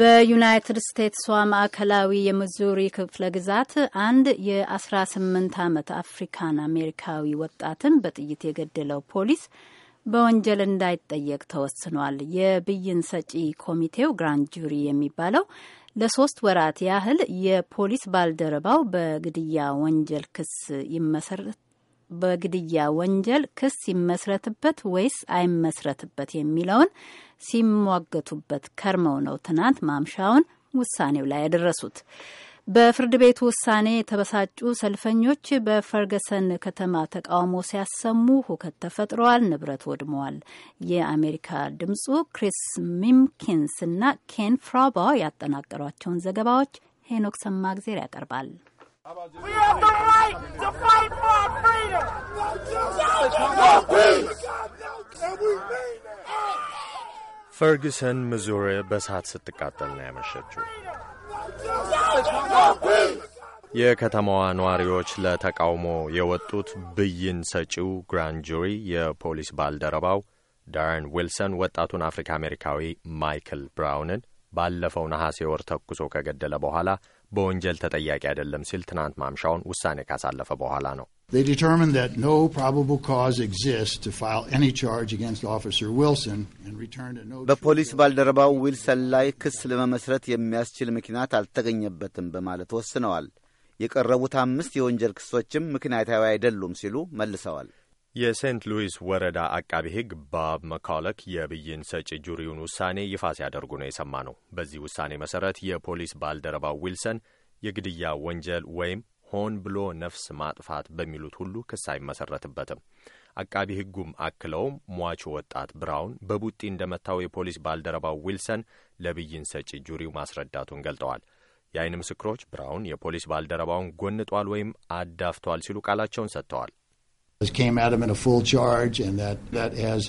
በዩናይትድ ስቴትስዋ ማዕከላዊ የሚዙሪ ክፍለ ግዛት አንድ የ18 ዓመት አፍሪካን አሜሪካዊ ወጣትን በጥይት የገደለው ፖሊስ በወንጀል እንዳይጠየቅ ተወስኗል። የብይን ሰጪ ኮሚቴው ግራንድ ጁሪ የሚባለው ለሶስት ወራት ያህል የፖሊስ ባልደረባው በግድያ ወንጀል ክስ ይመሰረት በግድያ ወንጀል ክስ ይመስረትበት ወይስ አይመስረትበት የሚለውን ሲሟገቱበት ከርመው ነው ትናንት ማምሻውን ውሳኔው ላይ ያደረሱት። በፍርድ ቤቱ ውሳኔ የተበሳጩ ሰልፈኞች በፈርገሰን ከተማ ተቃውሞ ሲያሰሙ ሁከት ተፈጥረዋል፣ ንብረት ወድመዋል። የአሜሪካ ድምፁ ክሪስ ሚምኪንስ እና ኬን ፍራቦ ያጠናቀሯቸውን ዘገባዎች ሄኖክ ሰማግዜር ያቀርባል። ፈርግሰን ሚዙሪ በእሳት ስትቃጠል ነው ያመሸችው። የከተማዋ ነዋሪዎች ለተቃውሞ የወጡት ብይን ሰጪው ግራንድ ጁሪ የፖሊስ ባልደረባው ዳርን ዊልሰን ወጣቱን አፍሪካ አሜሪካዊ ማይክል ብራውንን ባለፈው ነሐሴ ወር ተኩሶ ከገደለ በኋላ በወንጀል ተጠያቂ አይደለም ሲል ትናንት ማምሻውን ውሳኔ ካሳለፈ በኋላ ነው። በፖሊስ ባልደረባው ዊልሰን ላይ ክስ ለመመስረት የሚያስችል ምክንያት አልተገኘበትም በማለት ወስነዋል። የቀረቡት አምስት የወንጀል ክሶችም ምክንያታዊ አይደሉም ሲሉ መልሰዋል። የሴንት ሉዊስ ወረዳ አቃቤ ሕግ ባብ መካለክ የብይን ሰጪ ጁሪውን ውሳኔ ይፋ ሲያደርጉ ነው የሰማ ነው። በዚህ ውሳኔ መሰረት የፖሊስ ባልደረባው ዊልሰን የግድያ ወንጀል ወይም ሆን ብሎ ነፍስ ማጥፋት በሚሉት ሁሉ ክስ አይመሰረትበትም። አቃቢ ሕጉም አክለውም ሟቹ ወጣት ብራውን በቡጢ እንደመታው የፖሊስ ባልደረባው ዊልሰን ለብይን ሰጪ ጁሪው ማስረዳቱን ገልጠዋል። የአይን ምስክሮች ብራውን የፖሊስ ባልደረባውን ጎንጧል ወይም አዳፍቷል ሲሉ ቃላቸውን ሰጥተዋል። came at him in a full charge, and that, that has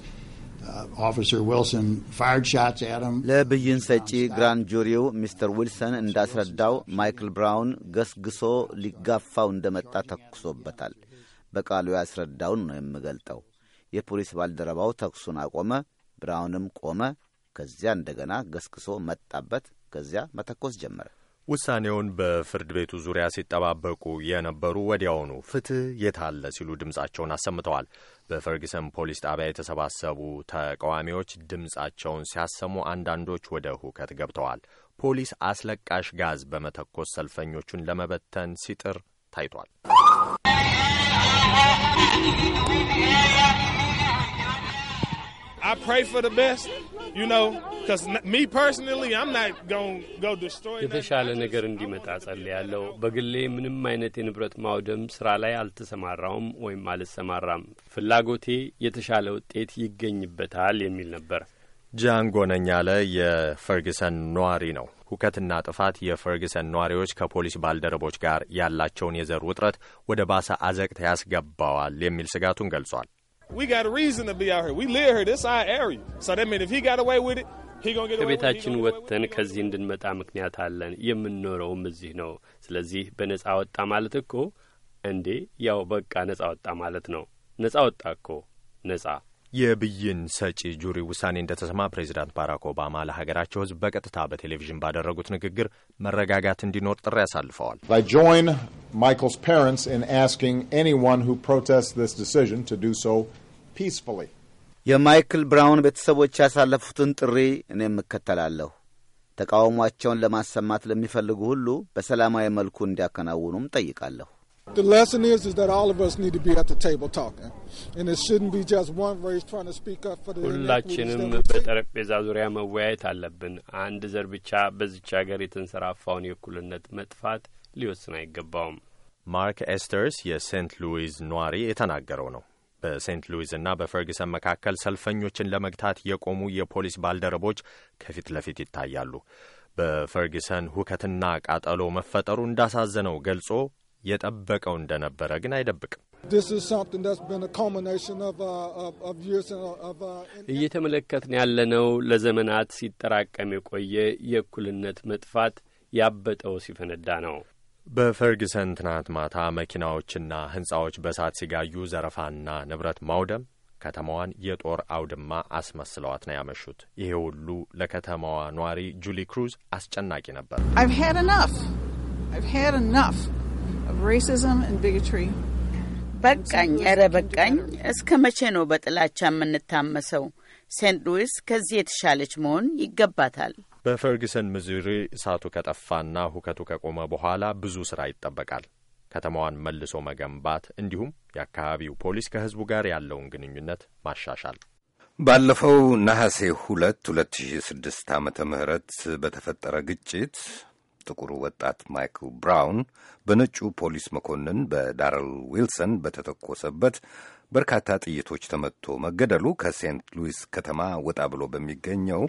ለብይን ሰጪ ግራንድ ጁሪው ሚስተር ዊልሰን እንዳስረዳው ማይክል ብራውን ገስግሶ ሊጋፋው እንደመጣ ተኩሶበታል። በቃሉ ያስረዳውን ነው የምገልጠው። የፖሊስ ባልደረባው ተኩሱን አቆመ፣ ብራውንም ቆመ። ከዚያ እንደገና ገስግሶ መጣበት። ከዚያ መተኮስ ጀመረ። ውሳኔውን በፍርድ ቤቱ ዙሪያ ሲጠባበቁ የነበሩ ወዲያውኑ ፍትህ የታለ ሲሉ ድምጻቸውን አሰምተዋል። በፈርግሰን ፖሊስ ጣቢያ የተሰባሰቡ ተቃዋሚዎች ድምጻቸውን ሲያሰሙ አንዳንዶች ወደ ሁከት ገብተዋል። ፖሊስ አስለቃሽ ጋዝ በመተኮስ ሰልፈኞቹን ለመበተን ሲጥር ታይቷል። I pray for the best, you know, because me personally, I'm not going to go destroy የተሻለ ነገር እንዲመጣ ጸልያለሁ። በግሌ ምንም አይነት የንብረት ማውደም ስራ ላይ አልተሰማራውም ወይም አልሰማራም። ፍላጎቴ የተሻለ ውጤት ይገኝበታል የሚል ነበር። ጃን ጎነኛ ያለ የፈርግሰን ነዋሪ ነው። ሁከትና ጥፋት የፈርግሰን ነዋሪዎች ከፖሊስ ባልደረቦች ጋር ያላቸውን የዘር ውጥረት ወደ ባሰ አዘቅት ያስገባዋል የሚል ስጋቱን ገልጿል። We got a reason to be out here. We live here. This our area. So that means if he got away with it, ከቤታችን ወጥተን ከዚህ እንድንመጣ ምክንያት አለን። የምንኖረውም እዚህ ነው። ስለዚህ በነጻ ወጣ ማለት እኮ እንዴ፣ ያው በቃ ነጻ ወጣ ማለት ነው። ነጻ ወጣ እኮ ነጻ የብይን ሰጪ ጁሪ ውሳኔ እንደተሰማ ፕሬዚዳንት ባራክ ኦባማ ለሀገራቸው ሕዝብ በቀጥታ በቴሌቪዥን ባደረጉት ንግግር መረጋጋት እንዲኖር ጥሪ አሳልፈዋል። የማይክል ብራውን ቤተሰቦች ያሳለፉትን ጥሪ እኔም እከተላለሁ። ተቃውሟቸውን ለማሰማት ለሚፈልጉ ሁሉ በሰላማዊ መልኩ እንዲያከናውኑም ጠይቃለሁ። ሁላችንም በጠረጴዛ ዙሪያ መወያየት አለብን። አንድ ዘር ብቻ በዚች ሀገር የተንሰራፋውን የእኩልነት መጥፋት ሊወስን አይገባውም። ማርክ ኤስተርስ የሴንት ሉዊዝ ኗሪ የተናገረው ነው። በሴንት እና በፈርግሰን መካከል ሰልፈኞችን ለመግታት የቆሙ የፖሊስ ባልደረቦች ከፊት ለፊት ይታያሉ። በፈርግሰን ሁከትና ቃጠሎ መፈጠሩ እንዳሳዘነው ገልጾ የጠበቀው እንደነበረ ግን አይደብቅም። እየተመለከትን ያለነው ለዘመናት ሲጠራቀም የቆየ የእኩልነት መጥፋት ያበጠው ሲፈነዳ ነው። በፈርግሰን ትናንት ማታ መኪናዎችና ሕንጻዎች በሳት ሲጋዩ፣ ዘረፋና ንብረት ማውደም ከተማዋን የጦር አውድማ አስመስለዋት ነው ያመሹት። ይሄ ሁሉ ለከተማዋ ኗሪ ጁሊ ክሩዝ አስጨናቂ ነበር። በቃኝ፣ ኧረ በቃኝ። እስከ መቼ ነው በጥላቻ የምንታመሰው? ሴንት ሉዊስ ከዚህ የተሻለች መሆን ይገባታል። በፈርግሰን ምዙሪ እሳቱ ከጠፋና ሁከቱ ከቆመ በኋላ ብዙ ስራ ይጠበቃል። ከተማዋን መልሶ መገንባት እንዲሁም የአካባቢው ፖሊስ ከህዝቡ ጋር ያለውን ግንኙነት ማሻሻል። ባለፈው ነሐሴ ሁለት ሁለት ሺ ስድስት ዓመተ ምህረት በተፈጠረ ግጭት ጥቁሩ ወጣት ማይክል ብራውን በነጩ ፖሊስ መኮንን በዳረል ዊልሰን በተተኮሰበት በርካታ ጥይቶች ተመትቶ መገደሉ ከሴንት ሉዊስ ከተማ ወጣ ብሎ በሚገኘው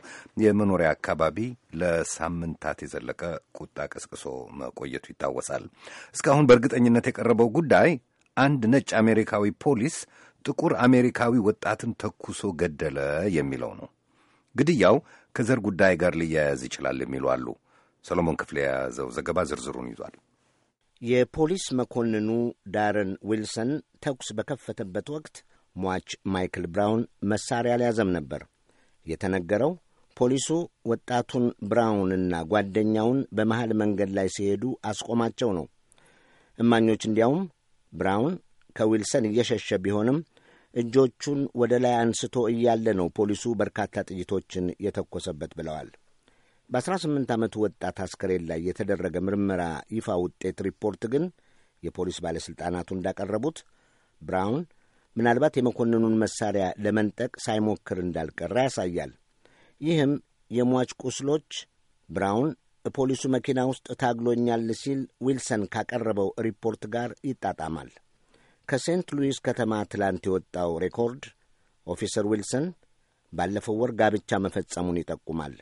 የመኖሪያ አካባቢ ለሳምንታት የዘለቀ ቁጣ ቀስቅሶ መቆየቱ ይታወሳል። እስካሁን በእርግጠኝነት የቀረበው ጉዳይ አንድ ነጭ አሜሪካዊ ፖሊስ ጥቁር አሜሪካዊ ወጣትን ተኩሶ ገደለ የሚለው ነው። ግድያው ከዘር ጉዳይ ጋር ሊያያዝ ይችላል የሚሉ አሉ። ሰሎሞን ክፍሌ የያዘው ዘገባ ዝርዝሩን ይዟል። የፖሊስ መኮንኑ ዳረን ዊልሰን ተኩስ በከፈተበት ወቅት ሟች ማይክል ብራውን መሳሪያ አልያዘም ነበር። የተነገረው ፖሊሱ ወጣቱን ብራውንና ጓደኛውን በመሃል መንገድ ላይ ሲሄዱ አስቆማቸው ነው። እማኞች እንዲያውም ብራውን ከዊልሰን እየሸሸ ቢሆንም እጆቹን ወደ ላይ አንስቶ እያለ ነው ፖሊሱ በርካታ ጥይቶችን የተኮሰበት ብለዋል። በ18 ዓመቱ ወጣት አስከሬን ላይ የተደረገ ምርመራ ይፋ ውጤት ሪፖርት ግን የፖሊስ ባለሥልጣናቱ እንዳቀረቡት ብራውን ምናልባት የመኮንኑን መሳሪያ ለመንጠቅ ሳይሞክር እንዳልቀረ ያሳያል። ይህም የሟች ቁስሎች ብራውን ፖሊሱ መኪና ውስጥ ታግሎኛል ሲል ዊልሰን ካቀረበው ሪፖርት ጋር ይጣጣማል። ከሴንት ሉዊስ ከተማ ትላንት የወጣው ሬኮርድ ኦፊሰር ዊልሰን ባለፈው ወር ጋብቻ መፈጸሙን ይጠቁማል።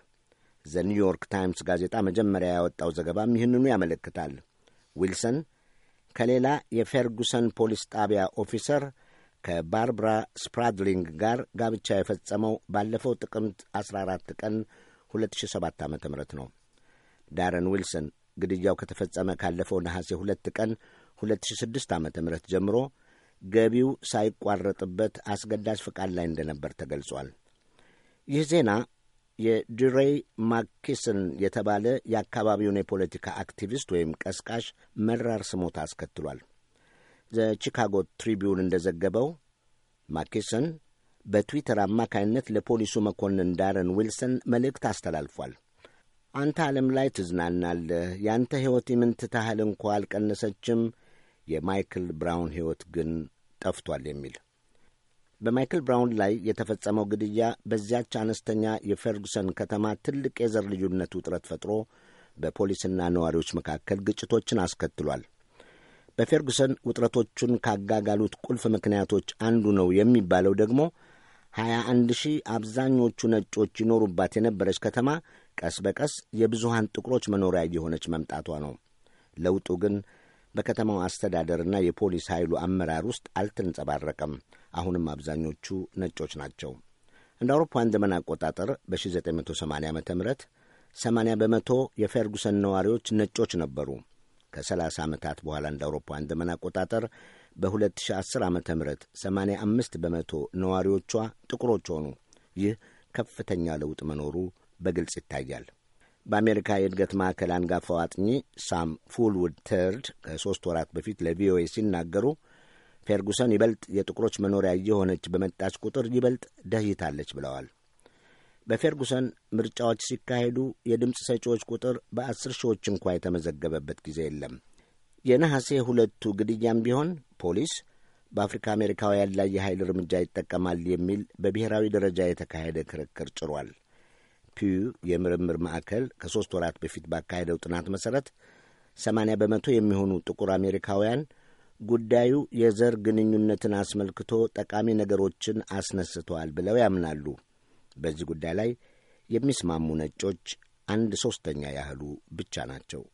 ዘኒውዮርክ ታይምስ ጋዜጣ መጀመሪያ ያወጣው ዘገባም ይህንኑ ያመለክታል። ዊልሰን ከሌላ የፌርጉሰን ፖሊስ ጣቢያ ኦፊሰር ከባርብራ ስፕራድሊንግ ጋር ጋብቻ የፈጸመው ባለፈው ጥቅምት 14 ቀን 2007 ዓ ም ነው። ዳረን ዊልሰን ግድያው ከተፈጸመ ካለፈው ነሐሴ ሁለት ቀን 2006 ዓ ም ጀምሮ ገቢው ሳይቋረጥበት አስገዳጅ ፍቃድ ላይ እንደነበር ተገልጿል። ይህ ዜና የድሬይ ማኪስን የተባለ የአካባቢውን የፖለቲካ አክቲቪስት ወይም ቀስቃሽ መራር ስሞታ አስከትሏል። ዘቺካጎ ትሪቢዩን እንደዘገበው ማኪስን በትዊተር አማካይነት ለፖሊሱ መኮንን ዳረን ዊልሰን መልእክት አስተላልፏል። አንተ ዓለም ላይ ትዝናናለህ፣ ያንተ ሕይወት የምንትታህል እንኳ አልቀነሰችም፣ የማይክል ብራውን ሕይወት ግን ጠፍቷል የሚል በማይክል ብራውን ላይ የተፈጸመው ግድያ በዚያች አነስተኛ የፌርጉሰን ከተማ ትልቅ የዘር ልዩነት ውጥረት ፈጥሮ በፖሊስና ነዋሪዎች መካከል ግጭቶችን አስከትሏል። በፌርጉሰን ውጥረቶቹን ካጋጋሉት ቁልፍ ምክንያቶች አንዱ ነው የሚባለው ደግሞ 21 ሺህ አብዛኞቹ ነጮች ይኖሩባት የነበረች ከተማ ቀስ በቀስ የብዙሃን ጥቁሮች መኖሪያ እየሆነች መምጣቷ ነው። ለውጡ ግን በከተማው አስተዳደርና የፖሊስ ኃይሉ አመራር ውስጥ አልተንጸባረቀም። አሁንም አብዛኞቹ ነጮች ናቸው። እንደ አውሮፓውያን ዘመን አቆጣጠር በ1980 ዓ ም 80 በመቶ የፌርጉሰን ነዋሪዎች ነጮች ነበሩ። ከ30 ዓመታት በኋላ እንደ አውሮፓውያን ዘመን አቆጣጠር በ2010 ዓ ም 85 በመቶ ነዋሪዎቿ ጥቁሮች ሆኑ። ይህ ከፍተኛ ለውጥ መኖሩ በግልጽ ይታያል። በአሜሪካ የእድገት ማዕከል አንጋፋው አጥኚ ሳም ፉልውድ ተርድ ከሦስት ወራት በፊት ለቪኦኤ ሲናገሩ ፌርጉሰን ይበልጥ የጥቁሮች መኖሪያ እየሆነች በመጣች ቁጥር ይበልጥ ደህይታለች ብለዋል። በፌርጉሰን ምርጫዎች ሲካሄዱ የድምፅ ሰጪዎች ቁጥር በአስር ሺዎች እንኳ የተመዘገበበት ጊዜ የለም። የነሐሴ ሁለቱ ግድያም ቢሆን ፖሊስ በአፍሪካ አሜሪካውያን ላይ የኃይል እርምጃ ይጠቀማል የሚል በብሔራዊ ደረጃ የተካሄደ ክርክር ጭሯል። ፒዩ የምርምር ማዕከል ከሦስት ወራት በፊት ባካሄደው ጥናት መሠረት 80 በመቶ የሚሆኑ ጥቁር አሜሪካውያን ጉዳዩ የዘር ግንኙነትን አስመልክቶ ጠቃሚ ነገሮችን አስነስተዋል ብለው ያምናሉ። በዚህ ጉዳይ ላይ የሚስማሙ ነጮች አንድ ሦስተኛ ያህሉ ብቻ ናቸው።